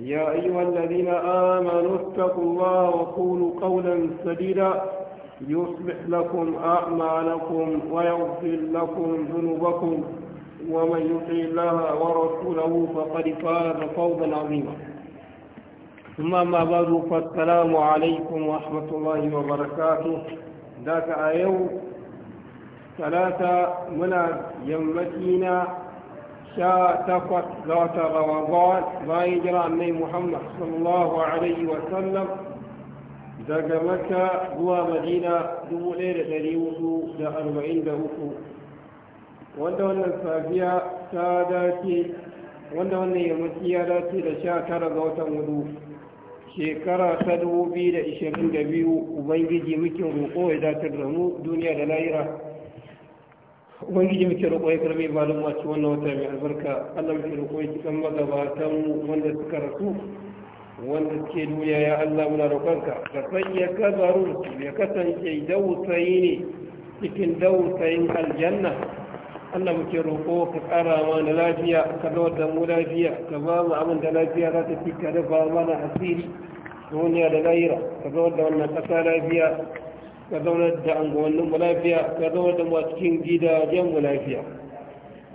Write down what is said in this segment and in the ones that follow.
يا أيها الذين آمنوا اتقوا الله وقولوا قولا سديدا يصلح لكم أعمالكم ويغفر لكم ذنوبكم ومن يطع الله ورسوله فقد فاز فوزا عظيما ثم ما بعد فالسلام عليكم ورحمة الله وبركاته ذاك أيو ثلاثة من يمتينا sha takwas ga wata rawabawan bayan jira annai muhammad sallallahu alaihi wa sallam. daga maka zuwa madina 1443 wanda wannan safiya ta dace wanda wannan yammaci ya dace da sha tara ga watan hudu shekara ta dubu biyu da da biyu ubangiji muke roƙo ya datar da mu duniya da lahira ubangiji muke roƙo ya karbi ibadun wacce wannan wata mai albarka allah muke roƙo ya cikin magabatan wanda suka rasu wanda suke duniya ya allah muna roƙonka ka sanya kazarun ya kasance dausayi ne cikin dausayin aljanna allah muke roƙo ka ƙara mana lafiya ka zama da mu lafiya ka ba mu abin da lafiya za ta fi ka dafa mana asiri duniya da lahira ka zama da wannan ƙasa lafiya ka zaunar da unguwannin mu lafiya ka zaunar da masu cikin gidajen mu lafiya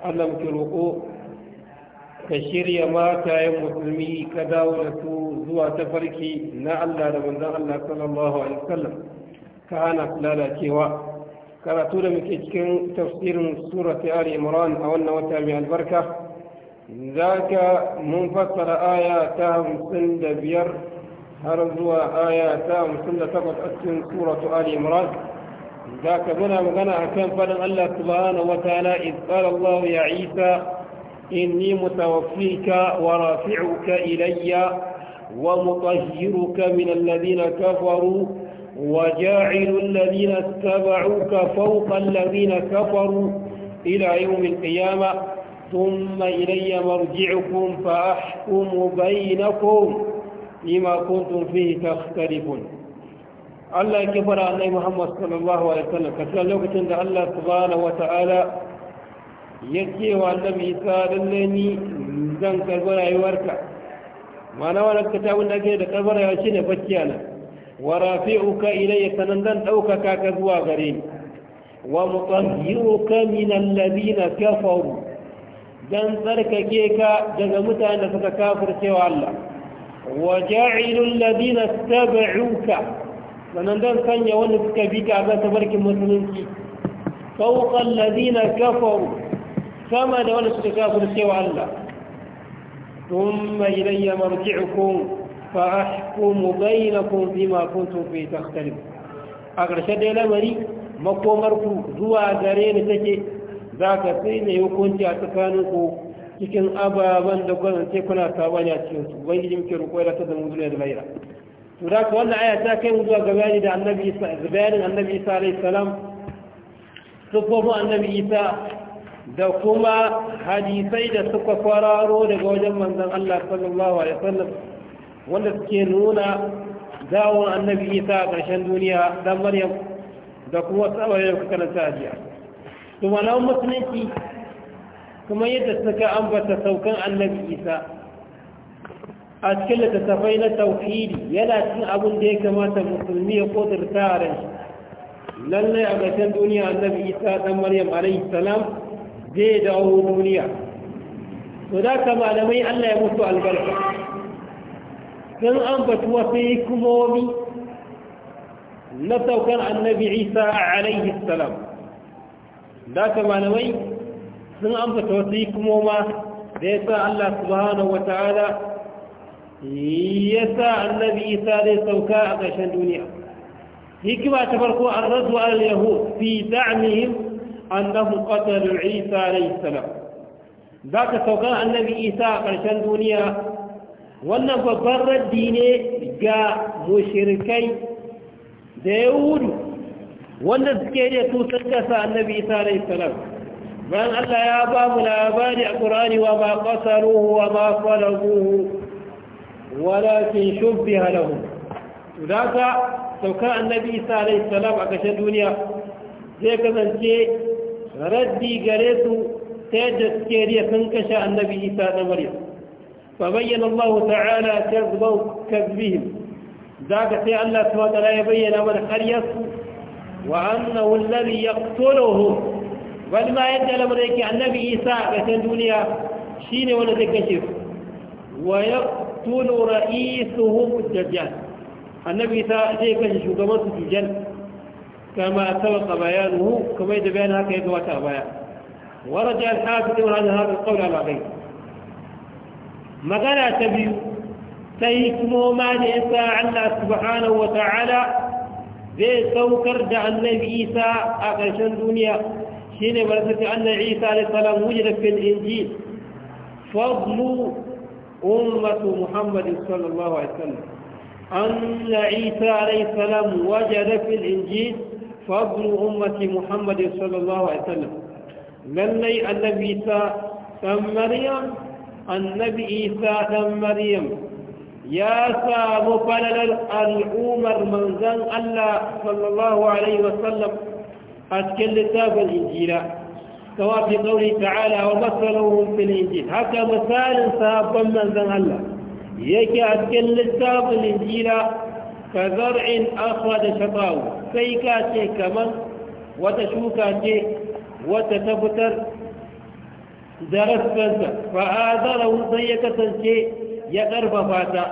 Allah muke roƙo ka shirya matayen musulmi ka dawo da su zuwa tafarki na Allah da manzon Allah sallallahu alaihi wasallam ka hana su lalacewa karatu da muke cikin tafsirin surat ali imran a wannan wata mai albarka zaka mun fassara aya ta hamsin da biyar? هو هرزوا آياتا وسنة تبط أسن سورة آل إمران ذاك بنا مغنى أكام فلن الله سبحانه وتعالى إذ قال الله يا عيسى إني متوفيك ورافعك إلي ومطهرك من الذين كفروا وجاعل الذين اتبعوك فوق الذين كفروا إلى يوم القيامة ثم إلي مرجعكم فأحكم بينكم lima kuntum fihi takhtalifun Allah ya kifara annai Muhammad sallallahu alaihi wasallam kasan lokacin da Allah subhanahu wata'ala ya ce wa annabi Isa lalle ni zan karɓi rayuwarka Mana wannan kitabun da ke da karɓar rayuwa shine fakkiya na wa rafi'uka ilayya sanan zan ɗaukaka ka zuwa gare ni wa mutahhiruka min alladhina kafaru dan tsarkake ka daga mutanen da suka kafircewa Allah waja'ilu Ladina اتبعوك sannan dan sanya wanda suka bi ka ga tabarkin musulunci fawqal ladina kafaru sama da wanda suka kafir cewa Allah thumma ilayya marji'ukum fa ahkumu bainakum bima kuntum fi takhtalif a ƙarshe dai lamari makomar ku zuwa gare ni take zaka sai ne hukunci a tsakaninku cikin ababen da gwamnati kuna sabani a cikin su ubangiji muke roƙo ya ta zama duniya da laira to da ka wannan aya ta kai mu zuwa ga bayani da annabi isa da bayanin annabi isa alayhi salam sufofin annabi isa da kuma hadisai da suka kwararo daga wajen manzon Allah sallallahu alaihi wasallam wanda suke nuna dawon annabi isa a ƙarshen duniya dan maryam da kuma tsabarin da kuka karanta a jiya to malamin musulunci kuma yadda suka ambata saukan annabi isa a cikin littattafai na tauhidi yana cin abin da ya kamata musulmi ya kodurta a ran lallai a gashin duniya annabi isa dan maryam alaihi salam zai dawo duniya to da ka malamai allah ya mutu albarka sun ambata wasu hikimomi na saukan annabi isa alaihi salam da ka malamai sun amfata wasu hikimoma da ya sa Allah subhanahu wa ta'ala ya sa annabi isa zai sauka a ƙarshen duniya hikima ta farko an rasu al yahud fi da'mihim annahum qatalu isa alayhi salam zaka sauka annabi isa a ƙarshen duniya wannan babban raddi ne ga mushrikai da yahudu wanda suke da tutar kasa annabi isa alayhi salam bayan Allah ya ba mu labari a ƙurani wa ma ƙasaruhu wa ma falaguhu walakin shubbi halahu to da ka saukar annabi isa alaihi salam a ƙashin duniya zai kasance raddi gare su ta yadda suke riya sun kashe annabi isa na maryam fa bayyana Allah ta'ala kazbau kazbihim ذاك سي الله سبحانه وتعالى يبين أمر خريص وأنه الذي يقتلهم wani ma yadda lamarin yake annabi isa a ƙasar duniya shi ne wanda zai kashe su wa ya tulu ra'isuhum annabi isa zai kashe shugaban su dajjal kama sabaka bayanuhu kamar da bayan haka ya gabata a baya ورجع الحافظ ابن هذا القول kuma ma مغنى تبيو سيكمو ما لإساء الله سبحانه وتعالى saukar da annabi isa a أقرشن duniya. شين ورثت أن عيسى عليه السلام وجد في الإنجيل فضل أمة محمد صلى الله عليه وسلم أن عيسى عليه السلام وجد في الإنجيل فضل أمة محمد صلى الله عليه وسلم للي النبي عيسى دم مريم النبي عيسى دم مريم يا سامو فلل الأمر من زن الله صلى الله عليه وسلم A cikin littafin injira ta wafi ƙauri ta'ala wa matsalolin filin haka misalin sahabban manzan Allah yake hasken littafin injira ka zar'in aswa da shafawu sai ka ce kamar wata shuka ce wata ta fitar da rasfansa fa hazara sai ya kasance ya ƙarfafa ta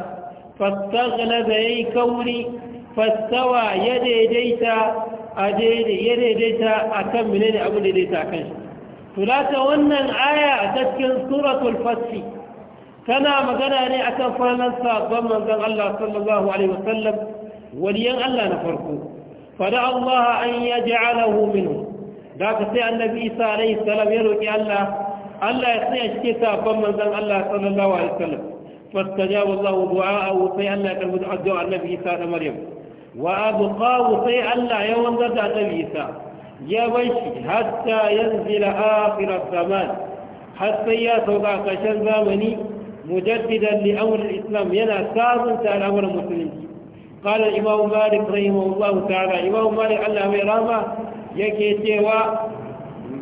fasta gane da ya kauri fastawa ya daidaita a daidai ya daidaita a kan menene abu daidaita kan shi tulata wannan aya a cikin suratul fasfi. tana magana ne a akan falalar sabon manzon Allah sallallahu alaihi wasallam waliyan Allah na farko fada Allah an yaj'alahu minhu da ka sai annabi Isa alaihi salam ya roƙi Allah Allah ya tsaya shi sabon manzon Allah sallallahu alaihi wasallam fastajaba Allah du'a'ahu sai Allah ya karbi addu'a annabi Isa da Maryam wa abqahu sai Allah ya wanzar da annabi ya bar shi hatta yanzila akhir zaman har sai ya sauka ƙarshen zamani mujaddidan li amr islam yana sabunta al'amuran musulunci قال الإمام cewa, رحمه الله تعالى إمام مالك الله مرامة يكيتوا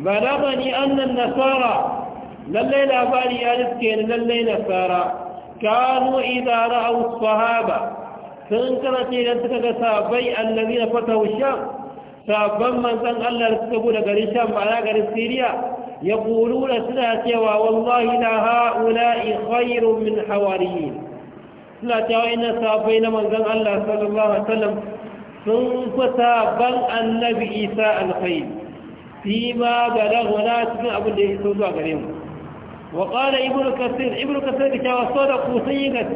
nasara أن النصارى لليل أبالي ألسكين لليل نصارى كانوا إذا رأوا الصحابة sun karanta idan suka ga sabai allazi na fatahu sham sabon manzan Allah da suka bude garin sham ba na garin siriya ya da suna cewa wallahi na ha'ula'i ikhairu min hawariyin suna cewa ina sabai na manzan Allah sallallahu alaihi wasallam sun fi sabon annabi isa alkhairi فيما بلغنا تكن أبو اللي يسوزوا قريم وقال ابن كثير ابن كثير كان صدق وصيغة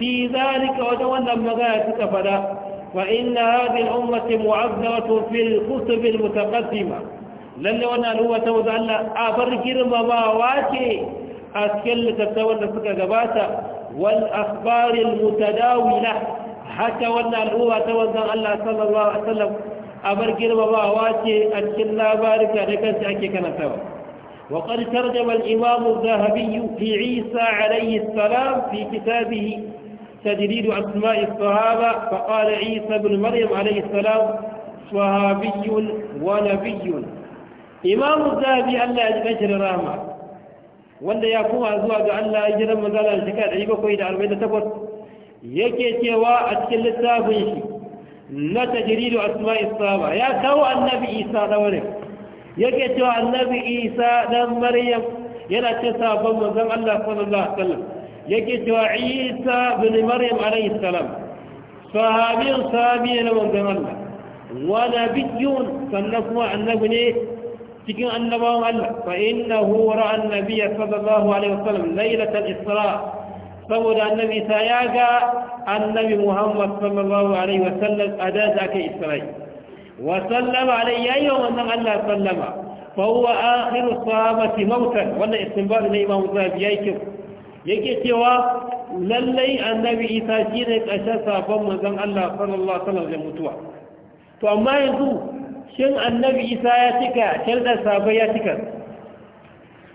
في ذلك وتولى مغايتك فلا ف إ ن هذه الامه ل في الكتب المتقدمه لن يكون ا ل و ت و ل ى ان افرج المواواك اسكل تتولى ف ك ا ج ب ا ت ا الله صلى الله عليه وسلم ابرك الله واكي اشكلنا بارك لك انت كان سوى وقد ترجم الامام الذهبي في عيسى عليه السلام في كتابه تجريد أسماء الصحابة فقال عيسى بن مريم عليه السلام صحابي ونبي إمام الذهبي الله يجبشر رحمة wanda ya kuma zuwa ga Allah ya jiran manzala da shekara ɗari bakwai da arba'in da takwas yake cewa a cikin littafin shi na tajiridu asma'i saba ya kawo annabi isa da wani yake cewa annabi isa dan maryam yana ce sabon manzon Allah sallallahu alaihi wasallam yake cewa isa bin maryam alayhi salam sahabiyun sahabiya na manzon Allah wa nabiyyun sannan kuma annabi ne cikin annabawan Allah fa innahu ra'a annabiyya sallallahu alaihi wasallam lailatul isra saboda annabi isa ya ga annabi muhammad sallallahu alaihi wasallam a da aka isra'i wa sallama alaihi yayin wannan Allah sallama fa huwa akhiru sahabati mautan wannan istinbat ne imamu zabi yake yake cewa lallai annabi isa shi ne ƙashen sabon manzon Allah sallallahu alaihi da mutuwa to amma yanzu shin annabi isa ya cika sharɗar sabai ya cika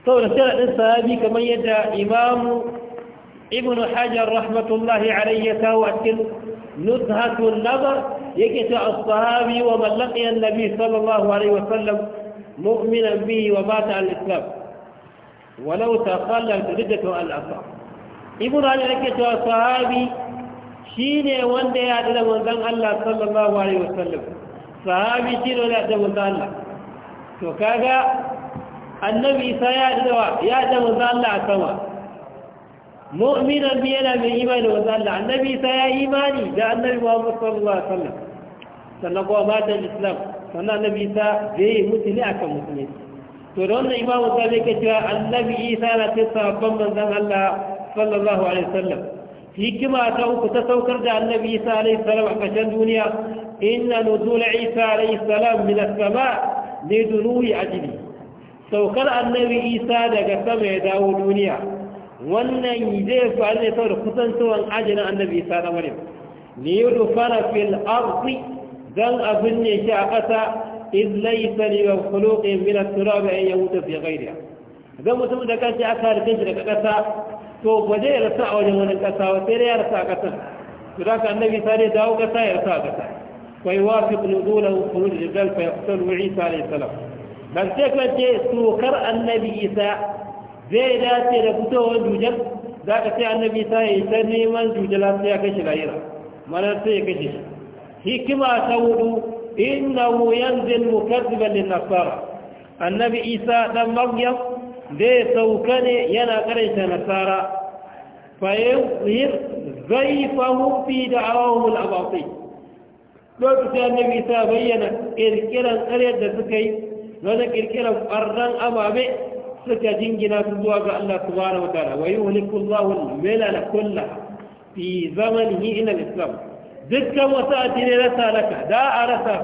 saboda sharaɗin sahabi kamar yadda imamu ibn hajar rahmatullahi alaihi ya kawo a cikin nuzhatun nazar yake ta as-sahabi wa man laqiya an-nabi sallallahu alaihi wa sallam mu'minan bihi wa mata al-islam walau taqallat riddatu al-asar ibnu hajar yake cewa sahabi shine wanda ya haɗu da manzon Allah sallallahu alaihi wasallam sahabi shi ne wanda ya haɗu da manzon Allah to kaga annabi isa ya haɗu da ya haɗu da manzon Allah a sama mu'minan bi yana mai imani da manzon Allah annabi isa ya yi imani da annabi Muhammad sallallahu alaihi wasallam sannan kuma matan islam sannan annabi isa zai yi ne akan musulunci to da wannan imamu sa zai cewa annabi isa na ce sabon manzan allah sallallahu alaihi wasallam hikima ta uku ta saukar da annabi isa alaihi salam a ƙarshen duniya inna nuzula isa alaihi salam min as-sama li dunuwi ajli saukar annabi isa daga sama ya dawo duniya wannan zai faru ne saboda kusancewar ajinin annabi isa na maryam ne yi rufana fil arzi don abin ne shi a ƙasa إذ ليس لمخلوق من التراب أن يموت في غيرها idan mutum da kanshi aka harfe shi daga ƙasa to ba zai rasa a wajen wani ƙasa wa sai ya rasa a ƙasar to da ka annabi ta dai dawo ƙasa ya rasa a ƙasa wai wa fi nuzula hukumar jirgin fa ya fitar wa isa alayhi salam dan sai ka ce annabi isa zai dace da fitowar jujal za ka ce annabi isa ya yi ta neman jujala sai ya kashe lahira mana sai ya kashe shi hikima ta hudu innahu yanzil mukazziban lin nasara annabi isa dan maryam zai sauka ne yana karanta nasara fa yuhir zaifahu fi da'awahum al-abatil lokacin annabi isa bayyana kirkiran karyar da suka yi wani kirkiran barran ababe suka jingina su zuwa ga Allah subhanahu wa ta'ala wa yuhliku al-milala kullaha fi zamanihi ila al-islam dukkan wasu addinai rasa laka da a rasa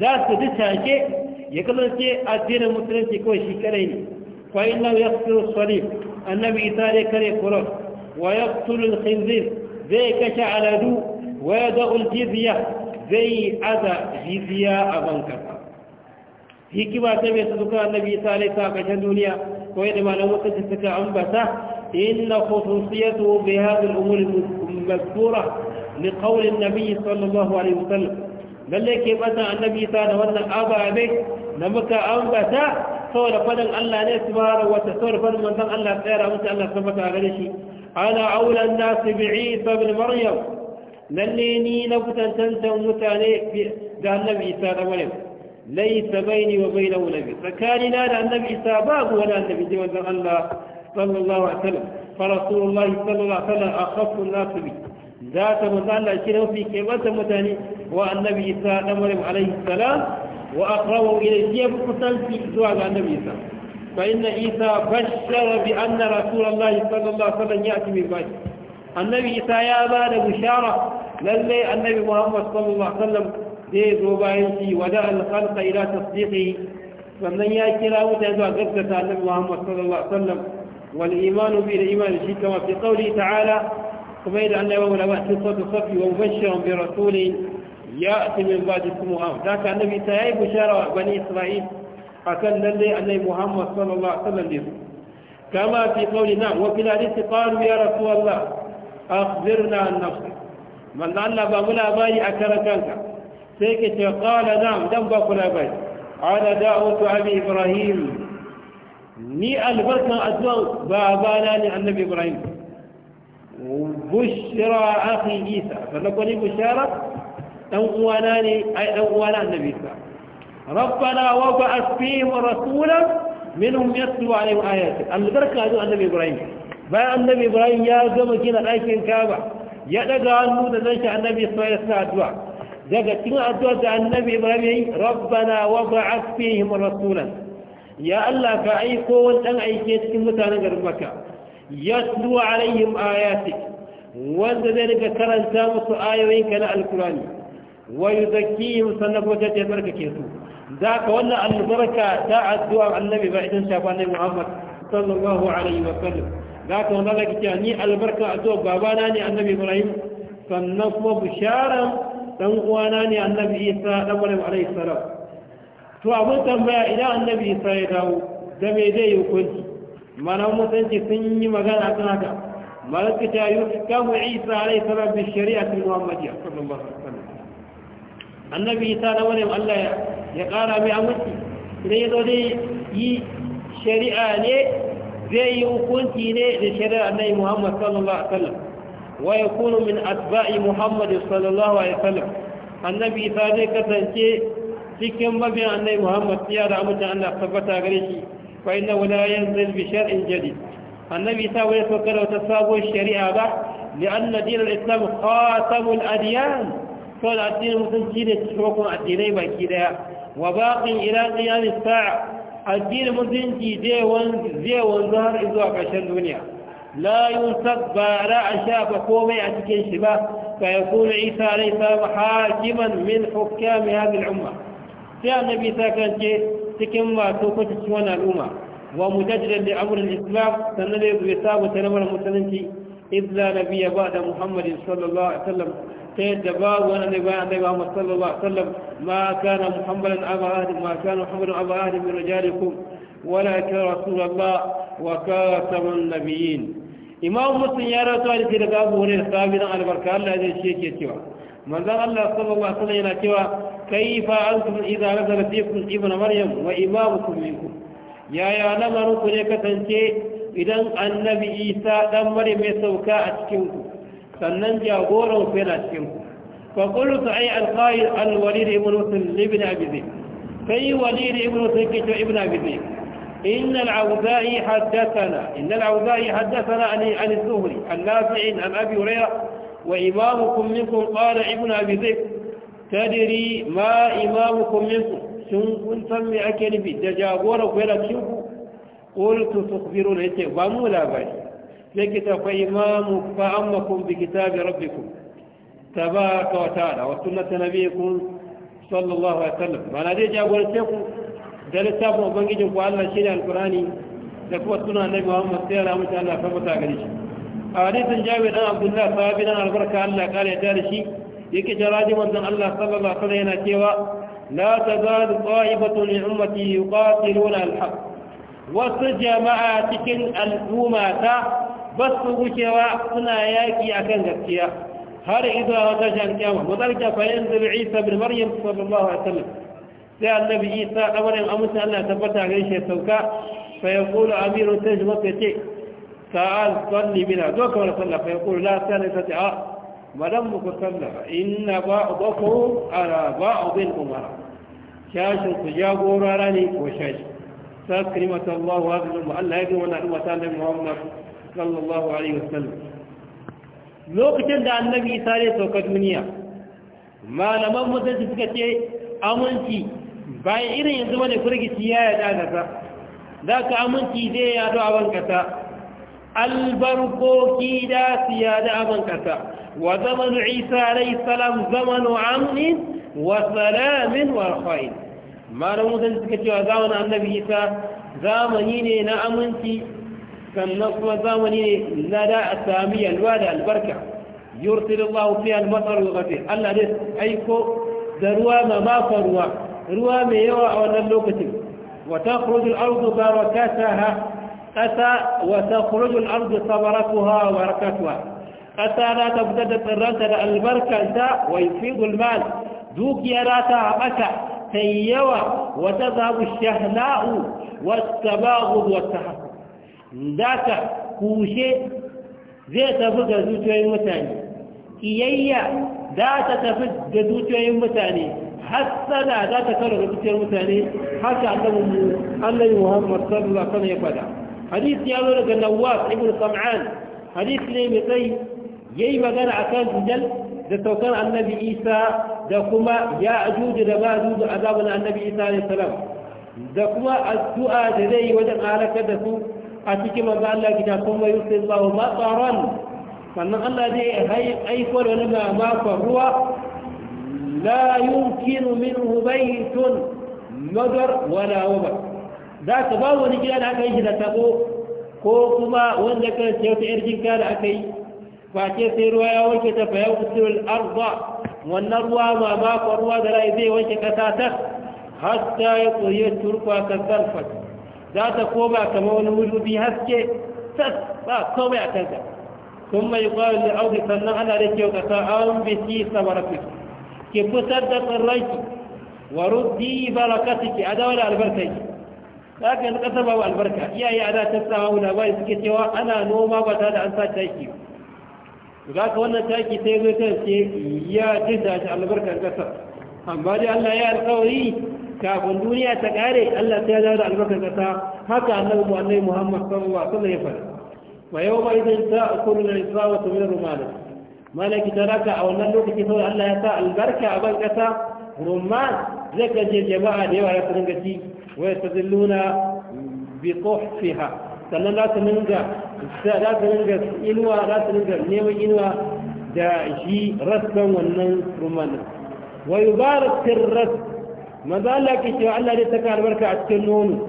za su ji take ya kasance addinin musulunci kawai shi kadai ne fa inna yaqtulu salif annabi isa ne kare kuran wa yaqtulu al-khinzir zai kashe aladu wa yada'u al-jizya zai aza jizya a banka hikima ta mai su duka annabi isa ne sa kashen duniya kawai da malamu suka ambata inna khususiyatu bi hadhihi al-umur al-mazkura لقول النبي صلى الله عليه وسلم بل لك متى النبي صلى الله عليه وسلم نمك أنبتا صور فلن الله نسبار وتصور فلن من ذن الله سيرا متى الله سبك شيء أنا أولى الناس بعيسى بن مريم نليني نبتا تنسى عليك بأن النبي صلى الله عليه وسلم ليس بيني وبينه نبي فكان لا النبي صابه ولا النبي صلى الله عليه وسلم فرسول الله صلى الله عليه وسلم أخف الناس به za ta manzo Allah shi ne mafi kebantar mutane wa annabi isa dan maryam alaihi salam wa aqrabu ilayhi ya kusanci zuwa ga annabi isa fa inna isa bashara bi anna rasulullahi sallallahu alaihi wasallam ya'ti bil bashar annabi isa ya ba da bishara lalle annabi muhammad sallallahu alaihi wasallam zai zo bayan shi wada al-khalqa ila tasdiqihi sannan ya kira mutane zuwa gaskata annabi muhammad sallallahu alaihi wasallam wal imanu bi al-iman shi kama fi qawli ta'ala كما يدعى أنه ولواء تصف صفي ومبشرا برسول يأتي من بعد اسمه أم ذاك النبي سيعي بشارة بني إسرائيل أكل للي أن محمد صلى الله عليه وسلم لهم كما في قولنا نعم، وفي الحديث قالوا يا رسول الله أخبرنا عن نفسك من الله بملا باي أكركنك سيكت قال نعم دم بقول أبي على دعوة أبي إبراهيم ني albarkan addu'an بابانا ne النبي إبراهيم bushra akhi isa sannan kwani bushara dan uwana ne ai dan uwana annabi isa rabbana wa ba'ath fihim rasulan minhum yatlu alaihim ayati albarka ju annabi ibrahim bayan annabi ibrahim ya gama gina ɗakin kaba ya daga hannu da zan shi annabi isma'il sa addu'a daga cikin addu'a da annabi ibrahim yayi rabbana wa ba'ath fihim rasulan ya allah ka aiko wani dan aike cikin mutanen garin makka yatlu alaihim ayatik wanda zai daga karanta musu ayoyinka na alkurani wa yuzakkihim sannan kuma ta tsarkake su za ka wannan albarka ta addu'a annabi ba idan shafa annabi muhammad sallallahu alaihi wa sallam za ka wannan da kike ni albarka addu'a babana ne annabi ibrahim sannan kuma bisharan dan uwana ne annabi isa dan maryam alaihi salam to abin tambaya idan annabi isa ya dawo da me zai yi hukunci Mana musulunci sun yi magana akan haka malaka ta yi kamu isa alai salam bi shari'atul muhammadiyya sallallahu alaihi wasallam annabi isa na maryam Allah ya kara mai aminci idan ya zo dai yi shari'a ne zai yi hukunci ne da shari'a annabi muhammad sallallahu alaihi wasallam wa yakunu min atba'i muhammad sallallahu alaihi wasallam annabi isa zai kasance cikin mabiyan annabi muhammad ya da amincin Allah tabbata gare shi wa'ina wani ayan zai bishar in jadi annabi ta wani wata sabon shari'a ba da an na dinar islam khatamul adiyan to da addinin mutunci ne tsokon addinai baki daya wa bakin ila qiyam sa'a addinin mutunci dai wan zai wan zuhar zuwa ƙarshen duniya la yusab bara asha ba komai a cikin shi ba fa yakun isa alayhi salam hakiman min hukami hadhihi al umma sai annabi ta kance cikin masu kwataci ciwon al'umma wa mujaddidan da amurin islam sannan da ya sabu ta ramar musulunci izla na biya ba da muhammadin sallallahu alaihi wasallam ta yadda ba wani ne bayan da muhammad sallallahu alaihi wasallam ma kana muhammadan aba ahadin ma kana muhammadan aba ahadin min rijalikum walakin rasulullah wa khataman nabiyyin imam muslim ya rawaito da daga abu hurairah sahabi albarka Allah ya ce cewa manzan Allah sallallahu alaihi wasallam yana cewa kaifa antum idza nazala fikum ibnu maryam wa imamukum minkum yaya lamarin ku ne kasance idan annabi isa dan maryam ya sauka a cikin ku sannan jagoran ku yana cikin ku fa qultu ay alqail alwalid ibn usul ibn abi zayd kai walid ibn usul ibn abi zayd إن العوزائي حدثنا إن العوزائي حدثنا عن عن الزهري عن نافع عن أبي هريرة wa imamukum minkum qala ibnu abi zayd tadri ma imamukum minkum sun kun san me ake nufi da jagora ku yana kin ku qultu tukhbiru la yake ba mu labari sai kita fa imamu fa ammakum bi kitabi rabbikum tabaraka wa ta'ala wa sunnati nabiyikum sallallahu alaihi wasallam bana dai jagora ce ku da littafin ubangijin ku Allah shi al'kurani alqurani da kuma sunan nabi Muhammad sallallahu alaihi wasallam ta mutaka gari shi a hadisin jami dan abdullahi sahabi dan albarka Allah kare ya tare shi yake jaraji manzon Allah sallallahu alaihi yana cewa la tazalu qa'ibatun min ummati yuqatiluna al-haq wasu jama'a cikin al'umma ta ba su suna yaki akan gaskiya har idza wata shan kiyama mutalka fa yanzil isa bin maryam sallallahu alaihi wasallam sai annabi isa kabarin amince Allah tabbata gaishe sauka fa yaqulu amirun tajmat yace تعال صلي بنا دوك ولا صلى فيقول لا ثالثة آه ما لم تصلى إن بعضكم على بعض الأمراء شاش تجاور راني وشاش تكرمة الله هذه الأمة الله يدعو أن أمة محمد صلى الله عليه وسلم lokacin da annabi isa ne saukar duniya malaman musulunci suka ce aminci bayan irin yanzu wani firgici ya yada kasa za ka aminci zai yado a ban kasa albarkoki da siya da abin kasa wa zaman isa alai salam zaman amni wa salamin wa khair malamu da suka cewa zamanin annabi isa zamani ne na aminci sannan kuma zamani ne na da a sami yalwa da albarka yursilullahu fi al-matar wa Allah dai aiko da ruwa ma mafa ruwa ruwa mai yawa a wannan lokacin wa takhruju al-ardu barakataha ƙasa wata takhruju al-ardu samaratuha wa barakatuha ƙasa na ta fitar da tsirranta da albarkanta wai fi al-mal dukiya na ta haɓaka ta yi yawa wa tadhabu shahna'u wa tabaghud wa tahaqqu zaka kushe zai tafi ga zuciyoyin mutane iyayya za ta tafi ga zuciyoyin mutane hassana za ta karo ga zuciyar mutane haka annabi Muhammad sallallahu alaihi wasallam ya faɗa. hadisi ya zo daga nawas ibn sam'an hadith ne mai tsayi yayi magana akan dujal da saukar annabi isa da kuma ya ajuju da ma'ajuju azabun annabi isa alayhi salam da kuma addu'a da zai yi wajen halakar da su a cikin manzo Allah gida kuma yusuf Allah mataran sannan Allah zai aiko da wani mamakon ruwa la yumkinu minhu baytun madar wala wabar za ka ba wani gida da aka yi shi da tabo ko kuma wanda ka ce wata yar jinka da aka yi face sai ruwa ya wanke ta fa yau kusurul arba wannan ruwa ma ko ruwa da rai zai wanke kasa ta hatta ya koyi turfa ta zarfa za ta koma kamar wani wulubi haske tas ba komai a kanka sun mai kwayo da auki sannan ana da kyau kasa an bisi samarafi ki fitar da tsirrai wa ruddi barakatiki a dawar albarkai da haka yanzu ƙasar babu albarka iyaye a da tattawa mu labari suke cewa ana noma ba tare da an sa taki za ka wannan taki sai zai ta ce ya jinta shi albarkar ƙasar amma dai allah ya alƙawari kafin duniya ta ƙare allah ta ya da albarkar ƙasa haka annabi mu muhammad sallallahu alaihi wasallam ya faɗa wa yau ma idan ta kullu da isra'a wa tumira rumana malaki ta raka a wannan lokaci saboda allah ya sa albarka a ban ƙasa rumman zai kaje jama'a da yawa ya su dinga ci wai ta zilluna bi kofiha sannan za su dinga za su dinga inuwa za su dinga neman inuwa da shi rassan wannan rumman ras maza Allah ke cewa Allah ne saka albarka a cikin nono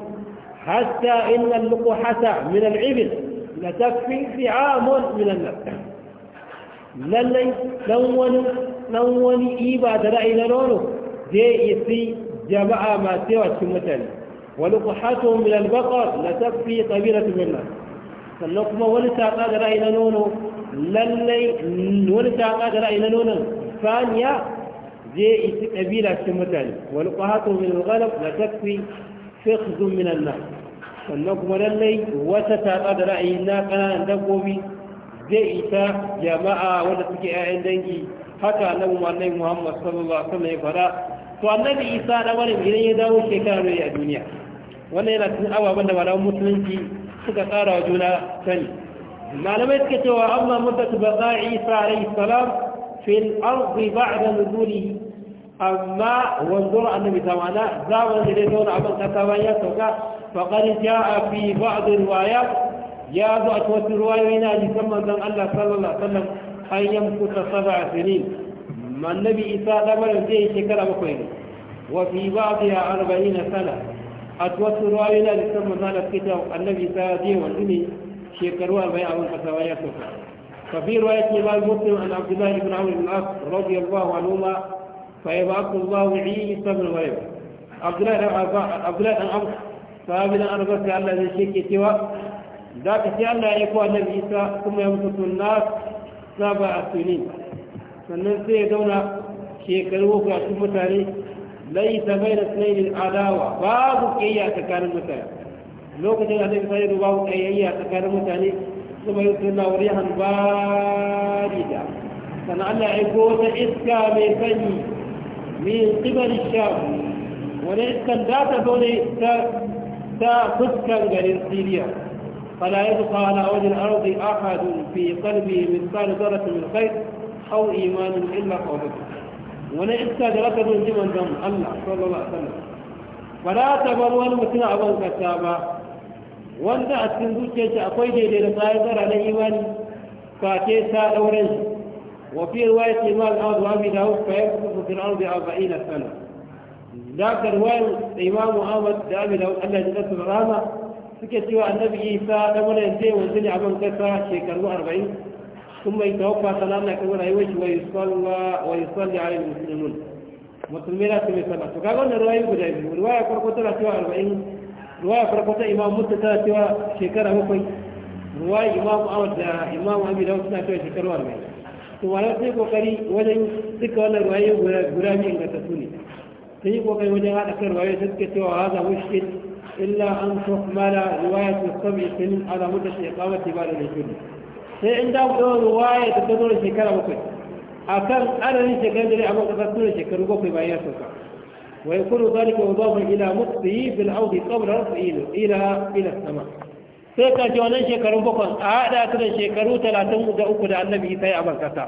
hatta inna ibil la lallai wani ɗan wani iba da ra'ayi na nono zai isi jama'a masu yawa cikin mutane wani ku hato min albaqar na tafi qabila minna sannan kuma wani taƙa da ra'ayi na nono lallai wani taka da ra'ayi na nonon saniya zai isi kabila cikin mutane wani ku hato min alghalab na tafi fikhzun min annas sannan kuma lallai wata taƙa da ra'ayi na ƙananan dabbobi zai isa jama'a wanda suke 'ya'yan dangi haka annabi annabi Muhammad sallallahu alaihi wasallam ya fara to annabi Isa da wani gidan ya dawo shekara ne a duniya wannan yana cikin ababen da malaman musulunci suka tsara wa juna sani malamai suka cewa amma muddatu baqa Isa alaihi salam fil ardi ba'da nuzuli amma wanzuwar annabi ta mana zamanin da ya zauna a ban kasa bayan ya sauka faqad ja'a fi ba'd riwayat ya zo a cikin riwayoyi na hadisan manzon Allah sallallahu alaihi wasallam an yamkuta saba sinin annabi isa damar zai yi shekara bakwai ne wa fi ba'diha arba'ina sana a wasu ruwayoyi da san manzo da suke cewa annabi isa zai wanzu ne shekaru arba'in abin kasawa ya soka ففي رواية الإمام مسلم عن عبد الله بن عمرو بن العاص رضي الله عنهما فيبعث الله عيسى Abdullahi Dan عبد الله بن عبد الله Allah عمرو فابن أنا بس على ذي الشيك سوى ذاك سي الله يكوى النبي عيسى ثم يمسك الناس saba a sannan sai ya zauna shekaru a cikin mutane ta bai da sunayin adawa babu kiyayya tsakanin mutane lokacin da zai sai babu kiyayya tsakanin mutane kuma yi suna wuri hanbarida sannan Allah ya aiko wata iska mai sanyi min tsibar sham wani iskan da ta zo ne ta fuskan garin siriya فلا يبقى على وجه الأرض أحد في قلبه من ثال ذرة من خير أو إيمان إلا قوله ونحن سادة ركض جمال دم الله صلى الله عليه وسلم فلا تبروا المتنع أبوك الكتابه وانت أتنبوك يجا أقويد إلى رسائل ذرة لإيمان فاكي سال أورج وفي رواية إيمان الأرض وأبي داوك فيبقى في الأرض أربعين سنة ذاك رواية إمام محمد دامي له أن جلسة الرامة suke cewa annabi isa da wani yanzu ya wanzu ne a ban kasa shekaru arba'in sun mai tawaffa salama ya karbi rayuwar shi wa yusalli a yin musulmin musulmi na su mai sallah to kaga wannan ruwayi guda biyu ruwaya farko tana cewa arba'in ruwaya farko ta imam mutta tana cewa shekara bakwai ruwaya imam ahmad da imam abi dawud suna cewa shekaru arba'in to wani sai kokari wajen duka wannan ruwayi guda biyu ingantattu ne sun yi kokari wajen haɗa kan ruwayoyi sai suke cewa haza mushkil إلا أن تحمل رواية السبع على مدة إقامة بعد الهجرة sai in damu ɗaukar ruwaya da ta zo da shekara bakwai a kan adadin shekaru da ne a makasar tun shekaru bakwai bayan ya sauka wai kudu zalika wa zafin ila mutsi bil audi qabla rafi'il ila ila sama sai ka ji wannan shekarun bakwai a haɗa su da shekaru talatin da uku da annabi yi a barkata.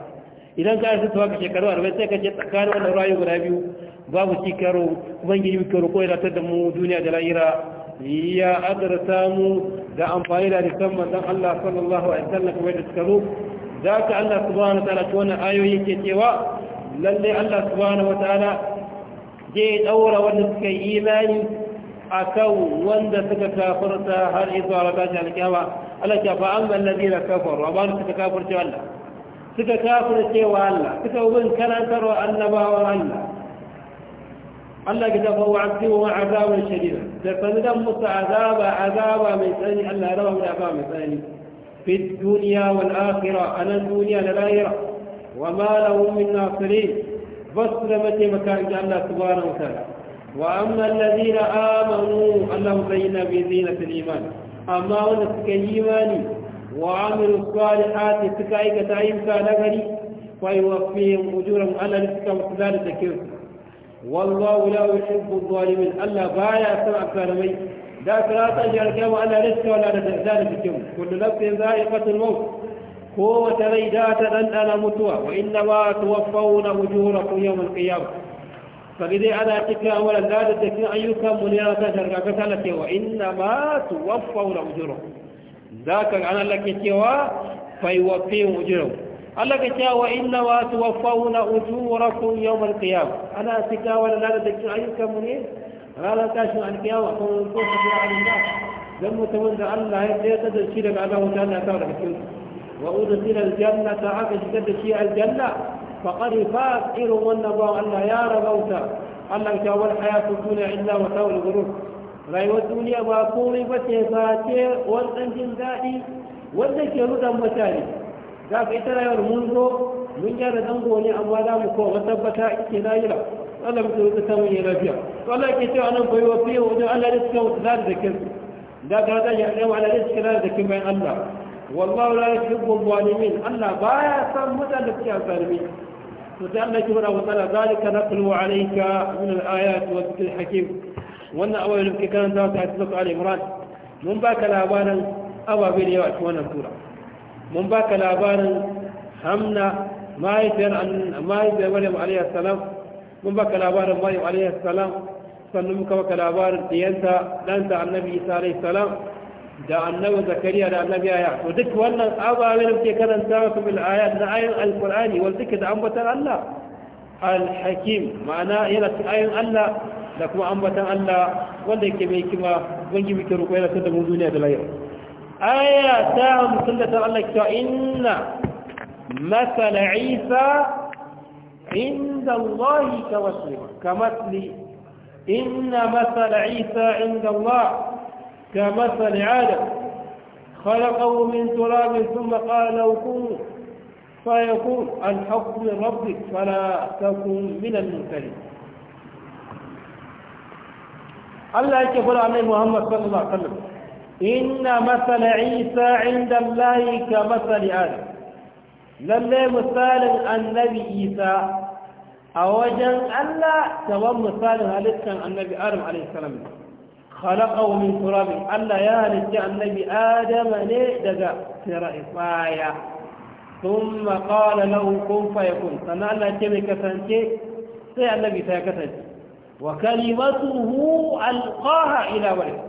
idan ka yi ka shekaru arba'in sai ka ce tsakanin wannan rayu guda biyu babu shi karo ubangiji karo ko ya da mu duniya da lahira ya adarta mu da amfani da hadisan manzon Allah sallallahu alaihi wasallam kamar da suka zo ka Allah subhanahu ta'ala ta wannan ayoyi ke cewa lalle Allah subhanahu ta'ala zai daura wanda suka yi imani akan wanda suka kafirta har izuwa ranar alkiyama Allah ya fa amma alladhina kafaru amma suka kafarce Allah suka kafarce wa Allah suka bin karantarwa annabawa Allah Allah ya dafa wa abdi wa azaban shadida da sanin musu azaba azaba mai tsani Allah ya raba mu da azaba mai tsani fi duniya wal akhirah anan duniya da lahira wa ma lahum min nasirin فاسلمت مكان الله سبحانه وتعالى وأما الذين آمنوا الله بين بزينة الإيمان أما ونسك إيماني وعملوا الصالحات سكائك تعيمك لغري فيوفيهم أجورهم على رزق وسلالة كيوسك والله لا يحب الظالمين ألا بايا سمع كلامي ذاك لا تجعل كما أنا لست ولا ذلك الجو كل نفس ذائقة الموت قوة ليدات أن أنا متوى وإنما توفون أجوركم يوم القيامة فقدي أنا تكا ولا ذات تكا أيكم من يرى تجعل كما وإنما توفون أجوركم ذاك أنا لك سوى فيوفيهم أجورهم Allah ka cewa wa inna wa tuwaffawna ujurakum yawmal qiyamah ana sika wala lana da cikin ayyukan mu ne ranar tashin alkiyama ko ko fi alinda dan mutumin da Allah ya tsaya da shi daga Allah ta Allah ta da cikin wa udkhila ta aka shiga da shi aljanna faqad faz irin wannan ba Allah ya rabauta Allah ka cewa wal hayatu dunya illa wa tawul ghurur rayuwar duniya ba komai ba ce ba ce wannan jin daɗi wanda ke rudan mutane za ka ita rayuwar mun zo mun gyara zango ne amma za mu kowa tabbata ita lahira Allah mu tsoro ta mun yi lafiya to Allah ke cewa nan bai wa fiye wajen Allah da suka wuce da zakin da ka zai ya ɗaya Allah da suka da zakin bayan Allah wallahu la yuhibbu zalimin Allah baya san mutane da suke zalimi to sai Allah ke fara wa tsara zalika naqlu alayka min al-ayat wa dhikr hakim wannan awai da kake karanta ta cikin Al-Imran mun baka labarin ababe da yawa cikin wannan sura mun baka labarin hamna mahaifiyar maryam alayhi salam mun baka labarin maryam alayhi salam sannan muka baka labarin diyanta ɗanta annabi isa alayhi da annabi zakariya da annabi aya to duk wannan ababen da ke karanta maka bil ayat na ayin alqur'ani wal zikr da ambatan Allah al hakim ma'ana yana cikin ayin Allah da kuma ambatan Allah wanda yake mai kima bangi muke roƙo yana da mu duniya da lahira آية تاهم سنة قال لك إن مثل عيسى عند الله كمثله كمثل إن مثل عيسى عند الله كمثل عادم خلقه من تراب ثم قال لو كن فيكون الحق من ربك فلا تكن من المنكرين الله يكفر عن محمد صلى الله عليه وسلم inna masala isa inda allahi ka masali adam lalle misalin annabi isa a wajen allah kamar misalin halittar annabi adam alaihissalam khalaqahu min turabin allah ya halitta annabi adama ne daga tsaya ثم قال له كن فيكون سنة الله كمي كسنتي سي النبي سيكسنتي وكلمته ألقاها إلى ولد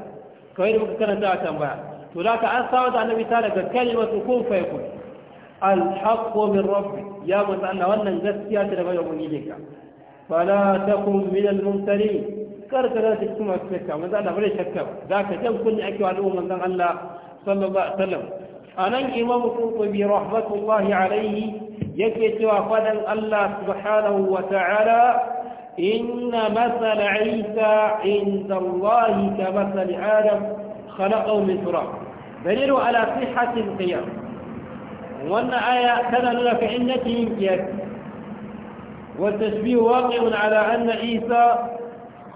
kawai da muka karanta a tambaya to da ka an samu da annabi ta daga kalmatu kun fa yakun alhaqqu min rabbi ya manzo Allah wannan gaskiya ce daga ubangijin ka fala takun min almumtarin kar ka zata cikin masu shakka manzo da bare shakka za ka jan kunni ake wa al'umma manzon Allah sallallahu alaihi wasallam anan imam qurtubi rahmatullahi alaihi yake cewa fadan Allah subhanahu wa ta'ala إن مثل عيسى عند الله كمثل آدم خلقه من تراب دليل على صحة القيام وأن آية كان لك إنته إنكيات والتشبيه واقع على أن عيسى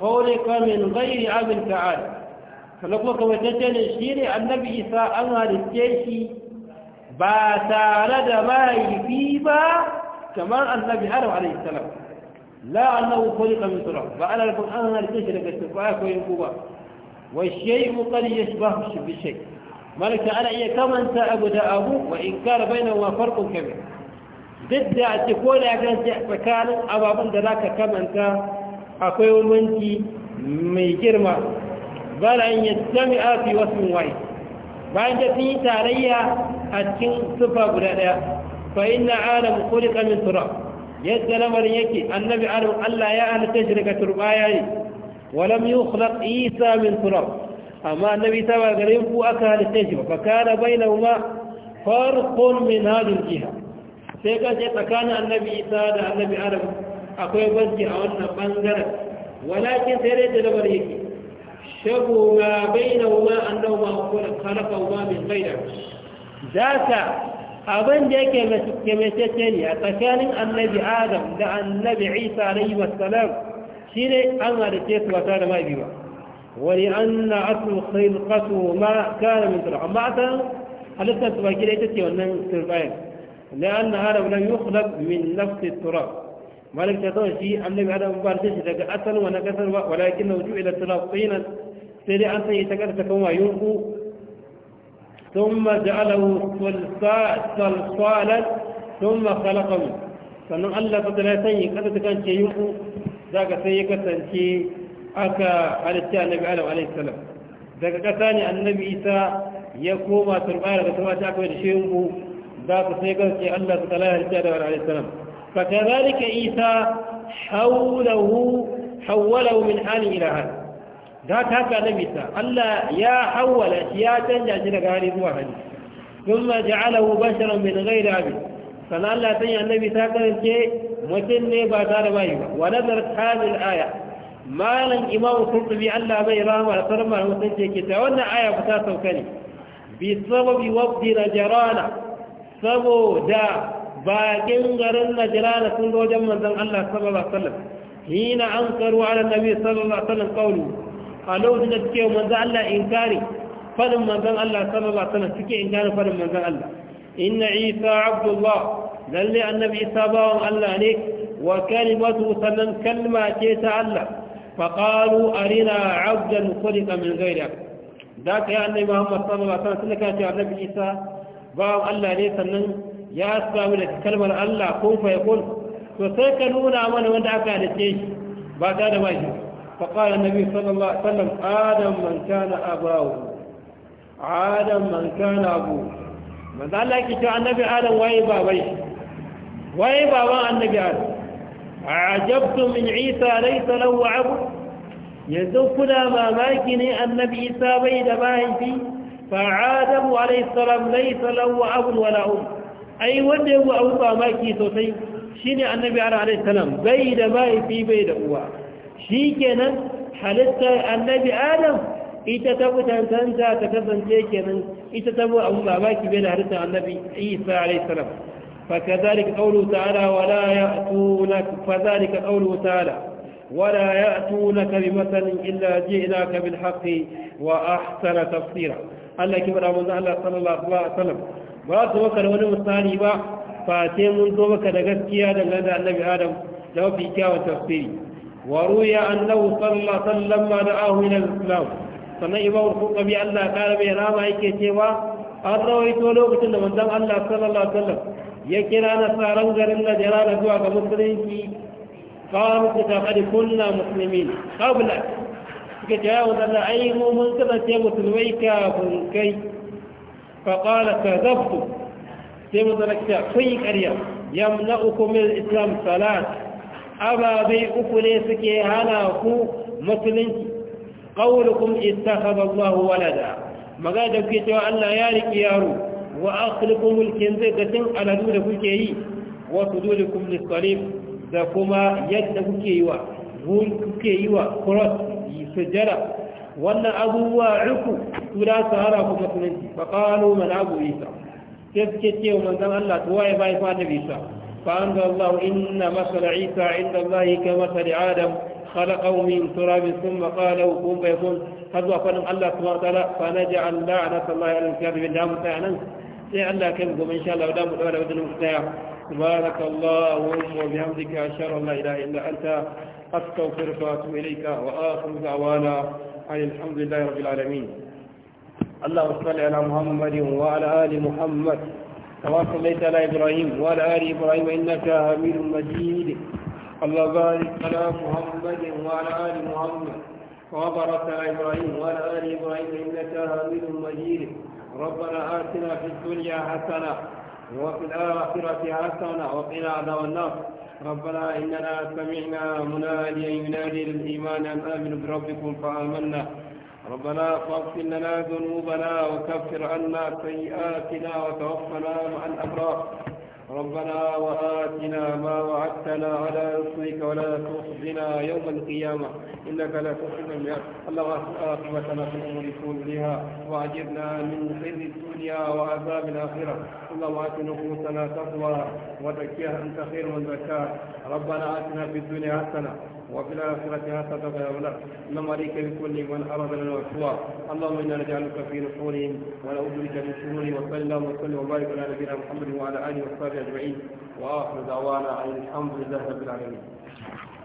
خلق من غير عمل تعالى فلقوا كوتتين الشير النبي عيسى أمر التيشي باتارد ما يفيبا كما النبي عليه السلام la annahu khuliqa min turab ba ana nufin an halitta shi daga turbaya ko yanku ba wa shay'u qad yashbahu bi shay malaka ana iya kamanta abu da abu wa in kana bainahuma farqun kabir duk da a ce ko da ya tsakanin ababen da za ka kamanta akwai wanki mai girma bayan ya sami afi wasu wai bayan da sun yi tarayya a cikin sufa guda ɗaya fa ina adam kulika kamin turab yadda lamarin yake annabi adam Allah ya halitta shi daga turbaya ne walam yukhlaq isa min turab amma annabi ta ba gare ku aka halitta shi ba fa kana bainahuma farqun min hadhihi jiha sai ka ce tsakanin annabi isa da annabi adam akwai banki a wannan bangaren walakin sai dai da lamarin yake shabu ma bainahuma annahuma khalaqa ma min da. data abin da yake kemetece ne a tsakanin annabi adam da annabi isa alaihi wassalam shi ne an halice su wata da mabi ba wani an na asu khilqatu ma kana min turba amma asalin halittar su baki da ita ce wannan turbayan la anna adam lam yukhlaq min nafsi turab malik ta zo shi annabi adam ba ta shi daga asalin wani kasar ba walakin na wuju ila turab qinan sai dai an sanya ta kasa kan wayunku ثم جعله صلصالا ثم خلقه sannan Allah ta dala sanya kada ta kance za ka sai ya kasance aka halitta annabi Adam alaihi salam daga kasa ne annabi Isa ya koma turbaya daga sama ta akwai da shi yinku daga sai kasance Allah ta dala halitta da alaihi salam fa kadhalika Isa hawlahu hawwalahu min hali ila hali da haka na bisa Allah ya hawwala shi ya canja shi daga hali zuwa hali sun ma ja'alahu basharan min ghairi abin sannan Allah sanya annabi ta kasance mutum ne ba tare bayi ba wa nazar kamil aya malam imam qurtubi Allah bai rama da sarma da mutum ce ke ta wannan aya ku ta sauka ne bi sababi wabdi na najrana saboda bakin garin na najrana sun zo wajen manzon Allah sallallahu alaihi wasallam hina ankaru ala nabi sallallahu alaihi wasallam qawlu a lokacin da suke manzan Allah inkari fadin manzan Allah sallallahu alaihi wasallam suke inkari fadin manzan Allah inna isa abdullah lalle annabi isa bawan Allah ne wa kalimatu sannan kalma ce ta Allah fa faqalu arina abdan khuliqa min ghayri da ka ya annabi Muhammad sallallahu alaihi wasallam suka ce annabi isa bawan Allah ne sannan ya samu da kalmar Allah kun fa yakun to sai ka nuna mana wanda aka halice shi ba ta da bashi فقال النبي صلى الله عليه وسلم آدم من كان أباه آدم من كان أبوه من قال لك شو النبي آدم وين بابي وين بابا النبي آدم عجبتم من عيسى ليس له عبد يزفنا ما ماكن النبي عيسى بين ماهن فيه فعادم عليه السلام ليس له أب ولا أم أي wanda yawa abu ba maki sosai shine annabi عليه السلام bai da mai fi bai da uwa shi kenan halittar annabi adam ita ta mutantanta ta kasance kenan ita ta abu babaki bai da halittar annabi isa alaihissalam فكذلك قوله تعالى ولا يأتونك فذلك قوله تعالى ولا يأتونك بمثل إلا جئناك بالحق وأحسن تفسيرا الله كبر من الله صلى الله عليه وسلم ba su maka da wani misali ba fa sai mun zo maka da gaskiya dangane da annabi adam da mafi kyawun tafsiri وروي أنه صلى الله عليه وسلم ما دعاه إلى الإسلام صلى الله عليه وسلم الله قال به رام أي كتبا أرواه يتولوك تلو من دم الله صلى الله عليه وسلم يكرا نصارا غرنا جرانا جوا كمسلمين كي قالوا كتا قد كنا مسلمين قبل كتا يقول الله أي مؤمن كتا تيمت الويكا فنكي فقال كذبت تيمت الكتا في كريا يمنعكم من الإسلام ثلاث ababe uku ne suke hana ku musulunci qaulukum ittakhadha Allahu walada maga da kuke cewa Allah ya riki yaro wa akhlukum al-kinza gatin aladu da kuke yi wa lis-salib da kuma yadda kuke yi wa kuke yi wa cross sujada wannan abubuwa uku su da su hana ku musulunci fa qalu man abu isa sai suke cewa manzon Allah to waye bai fa da bisa فأنزل الله إن مثل عيسى عند الله كمثل آدم خلقه من تراب ثم قال له كن فيكون هذا فنم الله سبحانه وتعالى فنجعل لعنة الله على الكاذبين دام فعلا سي الله كنكم إن شاء الله ودام الأولى ودن سبحانك اللهم وبحمدك أشهد أن لا إله إلا أنت أستغفرك وأتوب إليك وآخر دعوانا عن الحمد لله رب العالمين اللهم صل على محمد وعلى آل محمد كما صليت على إبراهيم وعلى آل إبراهيم إنك حميد مجيد اللهم بارك على محمد وعلى آل محمد وبارك على إبراهيم وعلى آل إبراهيم إنك حميد مجيد ربنا آتنا في الدنيا حسنة وفي الآخرة حسنة وقنا عذاب النار ربنا إننا سمعنا مناديا ينادي للإيمان أن آمنوا بربكم فآمنا ربنا فاغفر لنا ذنوبنا وكفر عنا سيئاتنا وتوفنا مع الأبرار ربنا وآتنا ما وعدتنا على رسلك ولا تخزنا يوم القيامة إنك لا تخزنا المياه الله آخرتنا في الأمور كلها وأجرنا من خزي الدنيا وعذاب الآخرة اللهم آت نفوسنا تقوى وزكيها أنت خير من زكاها ربنا آتنا في الدنيا حسنة وفي الآخرة حسنة ويغلق نمريك بكل من أراد لنا الشوار اللهم إنا نجعلك في نحورهم ونعوذ بك من شرورهم وصلى اللهم وسلم وبارك على نبينا محمد وعلى آله وصحبه أجمعين وآخر دعوانا أن الحمد لله رب العالمين